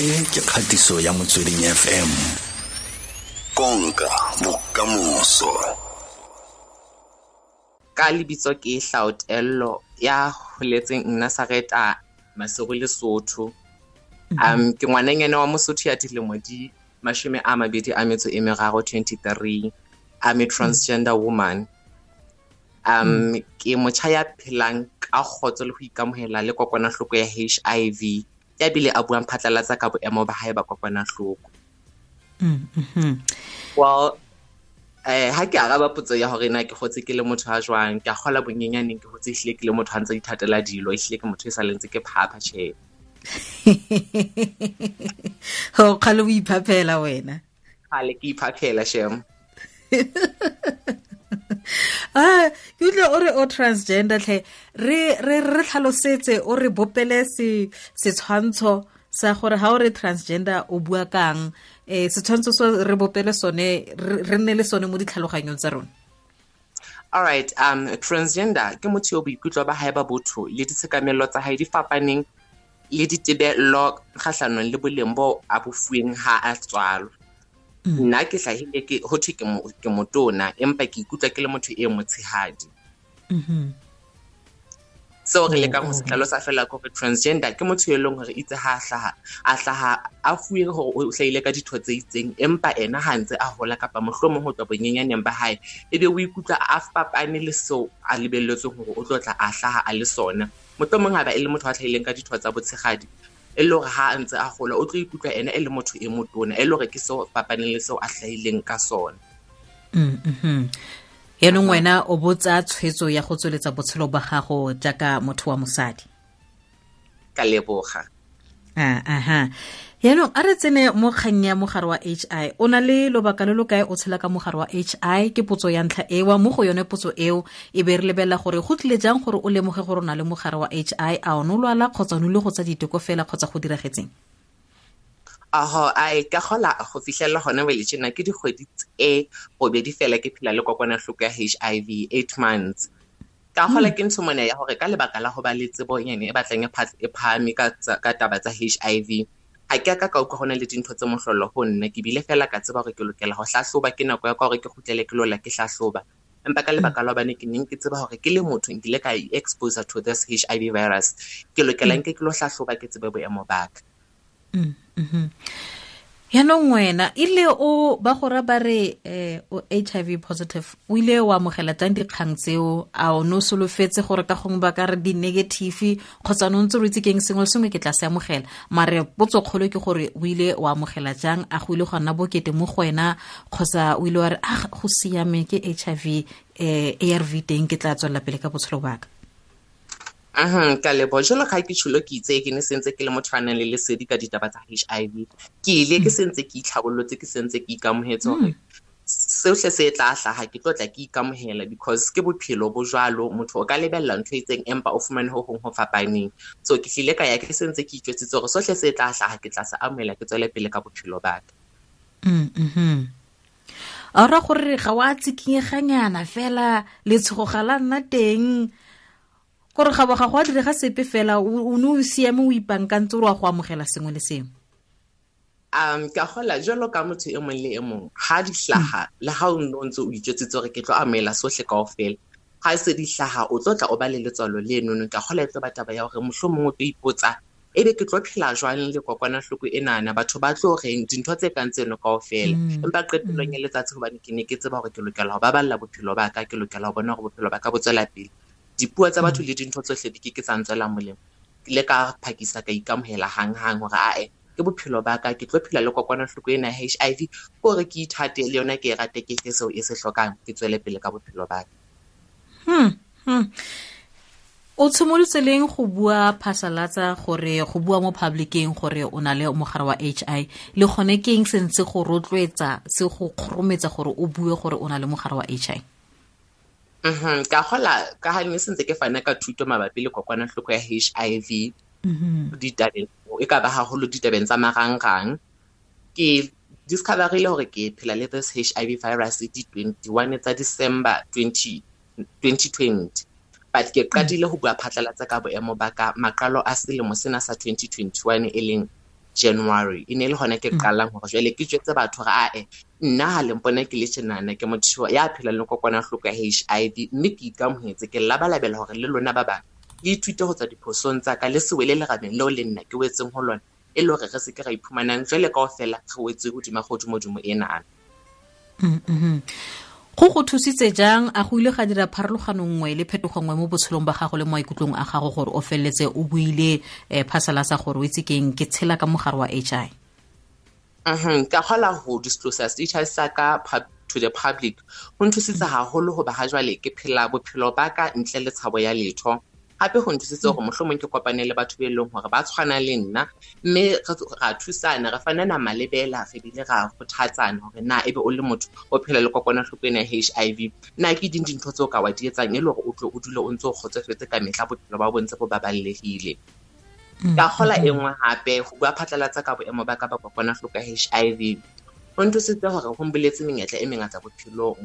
e ke kgatiso ya motsweding fm konka bokamoso ka lebitso ke hlaotello ya holetseng nna sareta masego lesotho um ke ngwaneng wa mosotho ya dilemo di mashome a mabedi a metso e meraro 23 I'm transgender woman um ke motjha ya phelang ka kgotso le go ikamohela le kokwanahloko ya h i v ya bile a buang phatlalatsa ka boemo ba gae ba kokwanahloko mm, mm-hmm. well eh ha ke araba potso ya gore na ke gotse ke le motho a jwang ke a kgola bonyenyaneng ke hotse ehlile ke le motho a ntse ithatela dilo ehlile ke motho e sa lentse ke phapha tjhe ho kgale o iphaphela wena kgale ke iphaphela shem a ah, ke utlwe o re o transgender tlhe re re re tlhalosetse o re bopele se setshwantsho sa gore ha o re transgender o bua kang eh setshwantsho so re bopele sone re nne le sone mo ditlhaloganyong tsa rona all right um transgender ke motho yo boikutlwa ba haeba botho le ditshekamelo tsa hae di fapaneng le ditebello kgatlhanong le boleng bo a bofueng ha a tswalwa Mm. nna ke hlahile ke thwe ke motona empa ke ikutlwa ke le motho e motshehadi mm-hmm. seo re ee, lekang ho setlalo mm. sa fela kore transgender ke motho e leng gore itse ha a hlaha a fuwe gore o tlhaile ka ditho tse itseng empa ena ha ntse a hola kapa mohlomong go tswa bonyenyaneng ba gae e be o ikutlwa a fapane le seo a lebelletsweng gore o tlotla a hlaha a le sona mongwe a ba e le motho a tlhaileng ka ditho tsa botshegadi e le gore ga a ntse a gola o tlo ikutlwa ene e le motho e motona e le gore ke seo papane le seo a tlhaileng ka sone mm, mm-hmm. yaanong wena o botsa tshwetso ya go tsweletsa botshelo ba gago jaaka motho wa mosadi ka leboga Ah, aha yaanong a re tsene mo kgang ya mogare wa h i o na le lobaka le lo kae o tshela ka mogare wa h i ke potso ya ntlha ewa mo go yone potso eo e be re lebelela gore go tlile jang gore o lemoge gore o na le mogare wa h i a o ne o lwala kgotsa o ne le go tsa diteko fela kgotsa go diragetseng aho ai ka gola go fitlhelela gone wele tjena ke dikgwedi tse bobedi fela ke phela le kokwanatlhoko ya h i v eight months ka gola hmm. ke ntshomonya ya hore ka lebaka la ho ba le tsebo nyane e batlang e phami e ka taba tsa hiv ga ke ka ka utlwa na le dintho tse mohlollo ho nna ke bile fela ka tseba hore ke lokela ho hlahloba ke nako ya ka hore ke gotlele ke lola ke hlahloba empa ka lebaka la bane ke neng ke tseba hore ke le motho nkile ka i-exposure e to this hiv virus ke lokela hmm. nke ke lo tlhatlhoba ke tsebe boemo mm ka hmm, mhm yaanong wena ile o ba gora ba re eh, o h i v positive o ile wa amogela jang dikgang tseo a o ne o solofetse gore ka gongwe ba ka re di-negative kgotsa ne o ntse re itse keng sengwe le sengwe ke tla se amogela mare potsokgolo ke gore o ile o amogela jang a go ile go nna bokete mo go wena kgotsa o ile wa re a ah, go siame ke h i v um a r v teng ke tla tswelela pele ka botshelo baka Mhm ka lebo jalo ga ke tsholo ke itse ke ne sentse ke le motho a nang le lesedi ka ditaba tsa HIV ke ile ke sentse ke itlhabollotse ke sentse ke ikamogetse gore hmm. seotlhe se e tla tlhaga ke tlotla ke ikamogela because ke bophelo bo jalo motho o ka lebelela ntho e itseng empa o fumane ho gongwe go fapaneng so ke tlile ka ya ke sentse ke itswetsitse gore sotlhe se e tla tlhaga ke tla se amogela ke tswele pele ka bophelo baka hmm, mhm. a ra gore ga wa tsikinyeganyana fela letshogo ga la nna teng gore ga boga go a direga sepe fela o ne o siame o ipankantse ore wa go amogela sengwe le sengwe um ka gola jalo ka motho e mongwe le e mongwe ga di le ga o nne o ntse o ijetsetse gore ke tlo amela sotlhe kao fela ga se di tlhaga o tlotla o ba le letswalo le enono ka gola e tlo bataba ya gore motlho mongwe o tlo ipotsa e be ke tlo phela jwang le kokwanatlhoko e nana batho ba tlo reng dintho tse kang tseno kao fela mm. empa qetelong ya letsatsi gobane ke ne ke tseba gore ke lokela go babalela bophelo baka ke lokela go bona gore bophelo ba ka botswela pele dipuo tsa batho mm. le dintho tsohle di ke ke tsa ntswela molemo le ka phakisa ka ikamohela hanghang hore ae ke bophelo ba ka ke tlo phela le e ena h i v kore ke ithate le yone ke e rate ke ke seo e se tlhokang ke tswele pele ka bophelo ba ka hmm, hmm. o tshimolotse leng go bua phasalatsa gore go bua mo publiceng gore o na le mogare wa h i le gone ke eng se go rotloetsa se go kgorometsa gore o bue gore o na le mogare wa h i Mm-hmm. ka gola ka ga ne sentse ke fana ka thuto mabapi le kokwanatlhoko ya h i v mm-hmm. e ka ba gagolo ditabeng tsa marangrang ke discoverile gore ke phela le this h i v virus di 21 tsa december 20, 2020 but ke qadile go bua phatlalatsa ka boemo ba ka maqalo a selemo sena sa 2021 e leng january e ne e le gone ke mm. qalang gore jale ke jetse batho ga ae nna ga lempone ke le tjenana ke motho ya phelang le kokwanatlhoko ya h i v mme ke ikamogetse ke labalabela gore le lona ba bangwe le ithute go tswa diphosong tsaka le sewe le lerameng leo le nna ke wetseng go lona e le gore re se ke ra iphumanang jale kao fela re wetse godima godimodimo e naana mm, mm-hmm. go go thusitse jang a go ile ga dira pharologano nngwe le phetogo nngwe mo botshelong ba gago le maikutlong a gago gore o feleletse o buile um eh, phasala sa gore o itse keng ke tshela ka mogare wa h i ka gola go disclosa status sa ka to the public go nthusitse gagolo go ba jwale ke phela bophelo ba ka ntle le tshabo ya letho gape go nthusitse gore motlhomong ke kopane le batho be e leng gore ba tshwana le nna mme ra thusana re fanana malebela re bile ra kgothatsana gore na ebe o le motho o phela le kokwanatlhoko ya h i v na ke ding dintho tse o ka wa dietsang e le gore o tlo o dule o ntse o kgotsofetse ka metlha bophelo ba bontse bo baballegile mm, ka gola e nngwe gape go bua phatlhalatsa ka boemo ba ka ba kokwanatlhoko h i v go nthusitse gore go mbeletse menyetla e mengata bophelong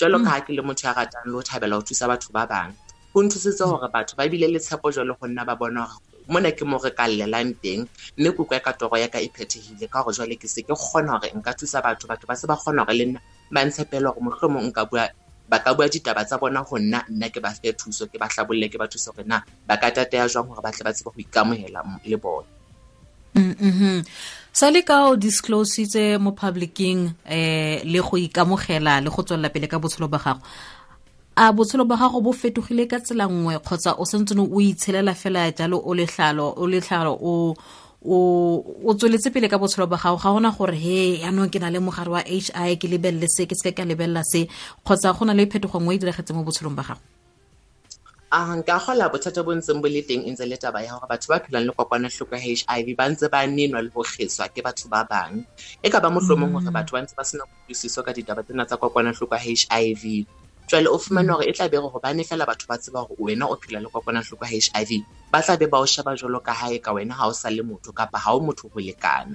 jalo ka ga ke le motho ya ratang le go thabela go thusa batho ba bangwe go nthusitse gore batho ba bile le tshepo jalo go nna ba bona gore ne ke mo re ka llelang teng mme koko ya ka toro ya ka e phethegile ka gore jwale ke se ke kgona gore nka thusa batho batho ba se ba kgona gore le nna ba ntshepela gore motlhomo nka bua ba ka bua ditaba tsa bona go nna nna ke ba fe thuso ke ba tlabolole ke ba thuso gore na ba ka tateya jwang gore ba tle ba tsebe go ikamogela le bone mm mm-hmm. sa le ka o disclose tse mo publicing eh le go ikamogela le go tswelela pele ka botshelo ba gago a botshelo ba gago bo fetogile ka tsela nngwe kgotsa o santsene o itshelela fela jalo o letlhalo o letlhalo o o tsweletse pele ka botshelo ba gago ga gona gore he yaanong ke na le mogare wa h i ke lebelele se ke seke ka lebelela se kgotsa go na le phetogo nngwe e diragetse mo botshelong ba gago a nka gola bothata bo ntseng bo le teng e ntse le taba ya gore batho ba phelang le kokwanatlhoko ya h i v ba ntse ba nenwa le go ke batho ba bangwe e ka ba motlhomong gore mm. batho ba ntse ba sena kutlwisiso ka ditaba tsena tsa kokwanatlhoko ya h i v jwale o fumane gore mm. e tla bego gobane e fela batho ba tseba gore wena o phela le kokwanatlhoko h i v ba tla be ba o sheba jalo ka gae ka wena ga o sa le motho kapa ga o motho go lekana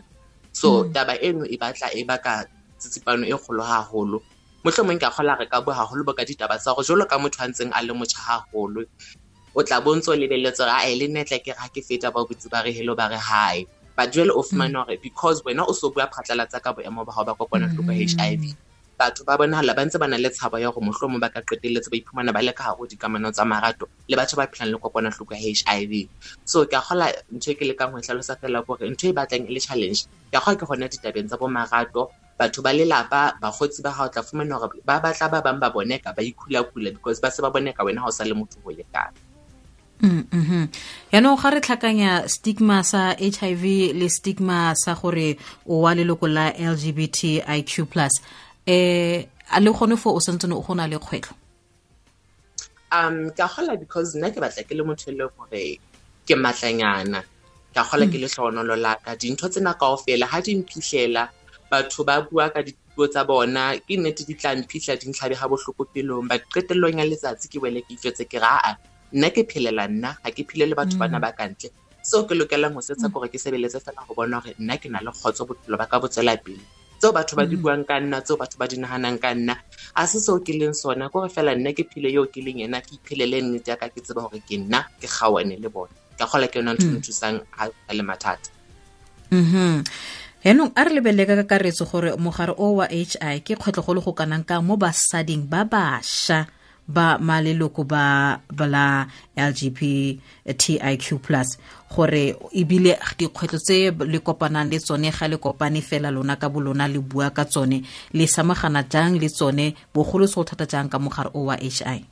so mm. taba eno e batla e baka tsitsipano e kgolo haholo mohlomong ka kgola re ka bua haholo bo ka ditaba tsa gore jalo ka motho a ntseng a le motjha haholo o tla bontse o lebeletse gore a e le netle ke ga ke feta ba botse ba re helo ba re gae but jale o fumane gore mm. because wena o se bua phatlhalatsa ka boemo ba gago ba kokwanatlhoko h i v batho ba bonahala ba ntse ba na le tshaba ya gore mo ba ka qeteletse ba iphumana ba le ka gare dikamano tsa marato le batho ba phelang le kokwanatlhoko ya h i v so ke a gola ntho e ke lekang go e tlhalosa fela gore ntho e batlang e le challenge ke a gola ke gona ditabeng tsa bo marato batho ba lelapa bagotsi ba gago tla fumana gore ba batla ba bangwe ba boneka ba ikhula-kula because ba se ba boneka wena ga o sa le motho go lekana mm, mhm yaanong ga re tlhakanya stigma sa h i v le stigma sa gore o wa leloko la l g b t i q plus eh le gone fo o sentse o gona le kgwetlo um ka gola because nna ke batla ke le motho e le gore ke matlanyana ka gola ke hmm. le tlhonolo la ka dintho tsena kaofela ha di mphitlhela batho ba bua ka dipuo tsa bona ke nnete di tla mphitlha di ga botlhoko pelong but qetelelong ya letsatsi ke wele ke ifetse ke re aa nna ke phelela nna ga ke phile le batho bana hmm. ba ka ntle seo ke lokelang go setsa hmm. kore ke sebeletse fela go bona gore nna ke na le kgotso bophelo ba ka botswela pele tseo batho ba di mm. buang ka nna tseo batho ba di naganang ka nna a se seo ke leng sona kore fela nna ke phele yo ke leng ena ke iphelele nnete yaka ke tseba gore ke nna ke kgaone le bone ka gola ke yona ntho e mo mm. thusang a le mathata mhm yaanong a re lebeleka kakaretso gore mogare o wa h i ke kgwetlhogolo go kanang ka mo basading ba bašwa ba maleloko ba bala lgbtiq plus gore ebile dikgwetlho tse le kopanang le tsone ga le kopane fela lona ka bolona le bua ka tsone le samagana jang le tsone bogolosego thata jang ka mogare o wa h i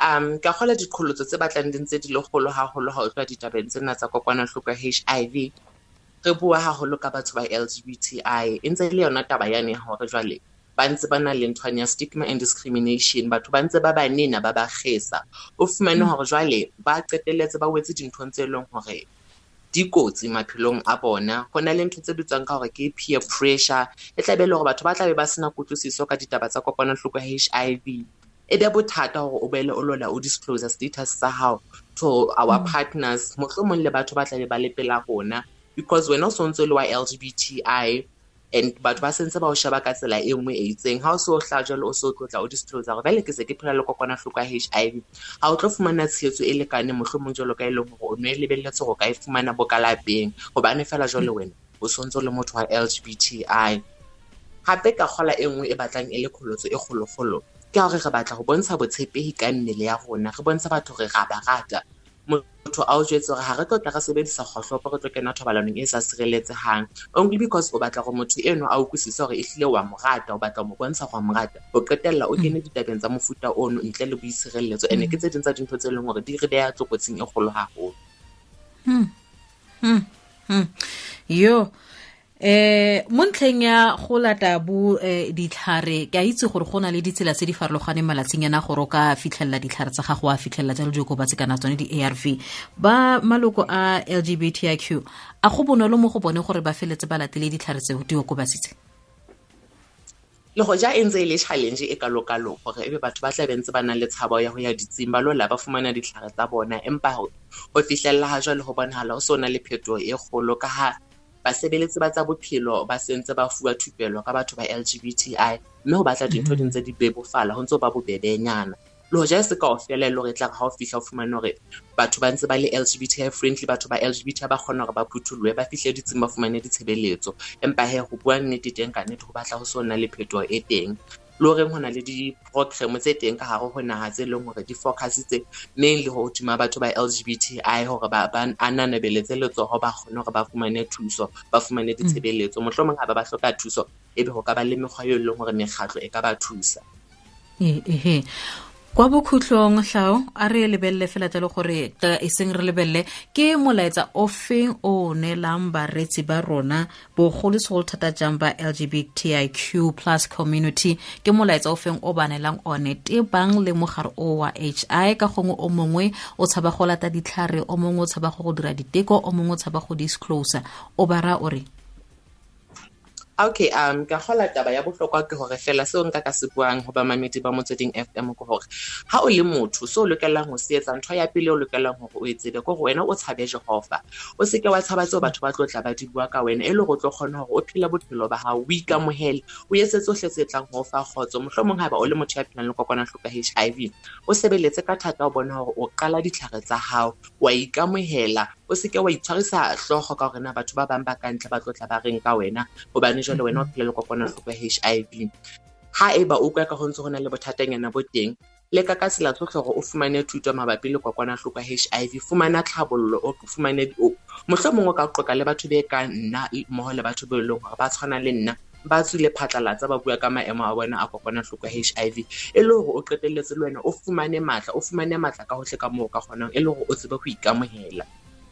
um ka gola dikgolotso tse batlang di ntse di le golo gagolo ga o tswa ditabeng tsena tsa kokwanatlhoko ya h i v re bua gagolo ka batho ba l g b t i e ntse e le yona taba yane gore jwale ba ntse ba na le nthwane ya stigma and discrimination batho ba ntse ba ba nena ba ba gesa o fumane gore jwale ba qeteletse ba wetse dinthong tse e leng gore dikotsi maphelong a bona go na le ntho tse bitswang ka gore ke peer pressure e tlabe e le gore batho ba tlabe ba sena kutlwisiso ka ditaba tsa kokwanatlhoko h i v e be bothata gore o boele o lola o disclose status sa gago to our mm. partners motlho mongwe le batho ba tlabe ba le pela rona because wena o santse le wa l g b t i and batho ba sentse ba o sheba ka tsela e nngwe e itseng ha o se o hla jalo o se o tlotla o disclose gore vele ke se ke phela le kokwanatlhoko ya h i v ga o tlo fumana tshegetso e lekane motlhomong jalo ka e leng gore o ne e lebeletse go ka e fumana bokalapeng gobane fela jalo wena o swantse o le motho wa l g b t i gape ka gola e nngwe e batlang e le kgolotso e kgologolo ke gore re batla go bontsha botshepegi ka mmele ya rona re bontsha batho gore ga ba rata motho a o jetse gore ga re tlo tla re sebedisa kgotlhopo re tlo kena thobalanong e e sa sireletsegang only because o batla gore motho eno a okwisise gore e tlile wa mo o batla go mo bontsha go a o qetelela o kene mm. ditabeng tsa mofuta ono ntle le boitshireletso ande mm. ke tse dingwe tsa dintho tse e leng gore di re ya tsokotsing e golo gagolo hmm. hmm. hmm. yo eh mo ntlheng ya go lata bo eh, ditlhare ke a itse gore go na le ditsela tse di farologaneng malatsing yana gore o ka fitlhelela ditlhare tsa gago a fitlhelela jalo diokobatse kana tsone di-a r v ba maloko a lgbtiq a go bonolo mo go bone gore ba feletse ba latele ditlhare tseo diokobatse tse le go ja e ntse e le challenge e kalo-kalo gore ebe batho ba tla be ntse ba nang le tshaba ya go ya ditsing ba lola ba fumana ditlhare tsa bona empa go fitlhelela ga jwa le go bonagala o se o na le phetogo e kgolo ka ha basebeletsi ba tsa bophelo ba sentse ba fuwa thupelo ka batho ba lgbti mme go batla dintho di mhm. ntse di bebofala ho ntse ba bobebenyana le hoja e se kaofela e le gore e tlang ga o fitlha o fumane gore batho ba ntse ba le lgbti friendly batho ba lgbti ba kgona gore ba phuthulohe ba fitlhe ditsing ba fumane ditshebeletso empa he ho bua nnete teng ka nnete ho batla go se o na le pheto e teng le reng go na le di-program tse teng ka hare go naga tse leng hore di focusitse neng le ho hodima batho ba lgbti gore ba ananebeletse letsogo ba kgone hore ba fumane thuso ba fumane mm. ditshebeletso mongwe ha ba ba hloka thuso ebe ho ka ba le mekgwa yo e leng hore mekgatlho e ka ba thusa ehe kwa bokhutlong tlhao a re lebelele fela jalo gore e seng re lebelele ke molaetsa ofeng o neelang bareetsi ba rona bogolosegolo thata jang ba lgbtiq plus community ke molaetsa ofeng o ba neelang one tebang le mogare o wa hi ka gongwe o mongwe o tshaba go lata ditlhare o mongwe o tshaba go go dira diteko o mongwe o tshaba go disclosa o ba raya ore okay um ka hola taba ya botlhokwa ke gore fela seo nka ka se buang go bamamedi ba motsweding f m ke gore ga o le motho se o lokelang go se etsa ntho ya pele o lokelang gore o e tsebe ko hore wena o tshabe jehofa o seke wa tshaba tseo batho ba tlo tla ba di bua ka wena e le hore o tlo kgona gore o phele bophelo ba hao o ikamohele o etse tsohle tse tlang ho fa kgotso motlho ga ba o le motho ya phelang le kokwanahloko ya h i v o sebeletse ka thata o bona gore o qala ditlhare tsa gago wa ikamogela o seke wa itshwarisa tlogo ka gore na batho ba bangwe ba ka ntle ba tlotla ba reng ka wena gobane jalo wena o phela le kokwanatlhoko ya h i v ga e ba o kwa ka go ntse go na le bothateng yana bo teng le ka tsela tsotlhe gore o fumane thuto mabapi le kokwanatlhoko h i v fumana tlhabololo o fumane motlho mongwe ka qoka le batho be ka nna mmogo le batho be e leng gore ba tshwana le nna ba tswile phatlalatsa ba bua ka maemo a bona a kokwanatlhoko h i v e le gore o qeteletse le wena o fumane maatla o fumane maatla ka gotlhe ka moo ka kgonang e le gore o tsebe go ikamogela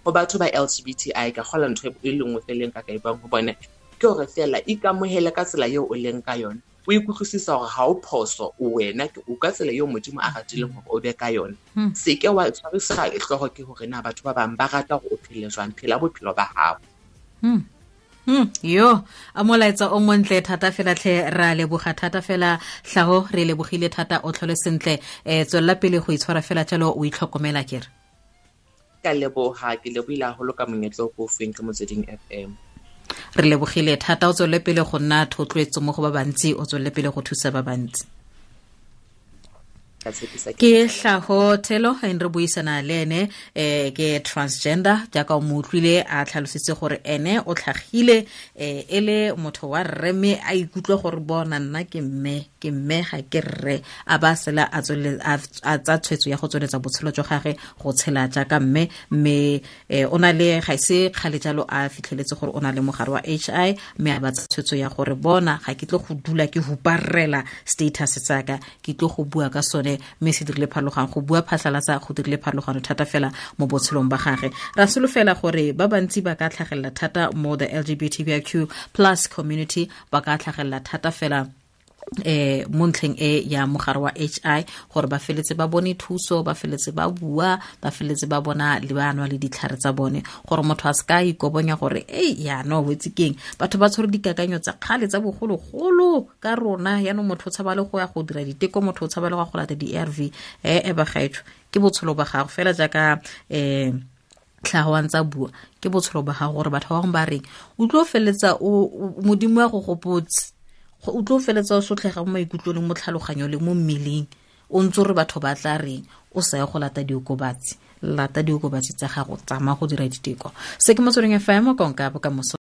go batho ba l g b t i ka gola ntho e lengwe feleng ka ka e bang go bone ke gore fela ikamogele ka tsela yo o leng ka yone o ikutlwisisa gore ga o phoso o wena o ka tsela yo modimo a ratileng gore o be ka yone hmm. seke wa tshwarisa e tlhogo ke gore na batho ba bangwe ba rata gore o phele jwang phela bophelo ba gago Mm, hmm. yo a molaetsa o montle thata fela tlhe ra leboga thata fela tlhago re lebogile thata o tlhole sentle um eh, tswelela pele go itshwara fela jalo o itlhokomela kere ka leboga ke a golo ka monyetlo ko feng ka f fm re lebogile thata o tswele pele go nna thotloetso mo go ba bantsi o tswele pele go thusa ba bantsi ka tshepisa ke tlhago thelo re buisana le ene um ke transgender jaaka o mo utlwile a tlhalositse gore ene o tlhagile um e le motho wa rre mme a ikutlwe gore bona nna ke mme ke mme ga ke rre a ba sela a tsa tshwetso ya go tsweletsa botshelo jwa gage go tshela jaaka mme mme eh, o na le ga ise e kgale jalo a fitlheletse gore o na le mogare wa h i mme a ba tsa tshwetso ya gore bona ga ke tle go dula ke huparrela status tsaka ke tle go bua ka sone mme se dirile pharologano go bua phatlhalatsa go dirile pharologano thata fela mo botshelong ba gage ra solofela gore ba bantsi ba ka tlhagelela thata mo the lgbtq plus community ba ka tlhagelela thata fela eh mo ntlheng e ya mogare wa hi gore ba feletse ba bone thuso ba feletse ba bua ba feletse ba bona le ba nwa le ditlhare tsa bone gore motho a se ka ikobonya gore ei yaanong wetse keng batho ba tshwere dikakanyo tsa kgale tsa bogologolo ka rona yaanong motho o tshaba le go ya go dira diteko motho o tshaba le go ya go lata di-r v ee eh, e bagaetho ke botsholo ba gago fela jaaka um eh, tlhagwang tsa bua ke botsholo ba gago gore batho ba bangwe ba reng o tlo feleletsa modimo ya go gopotse o feletsa o sotlhega mo maikutlong mo tlhaloganyo le mo mmeleng o ntse re batho ba tla reng o sa go lata diokobatsi lata diokobatsi tsa gago tsamaya go dira diteko se ke motsweding fm konka bokamoso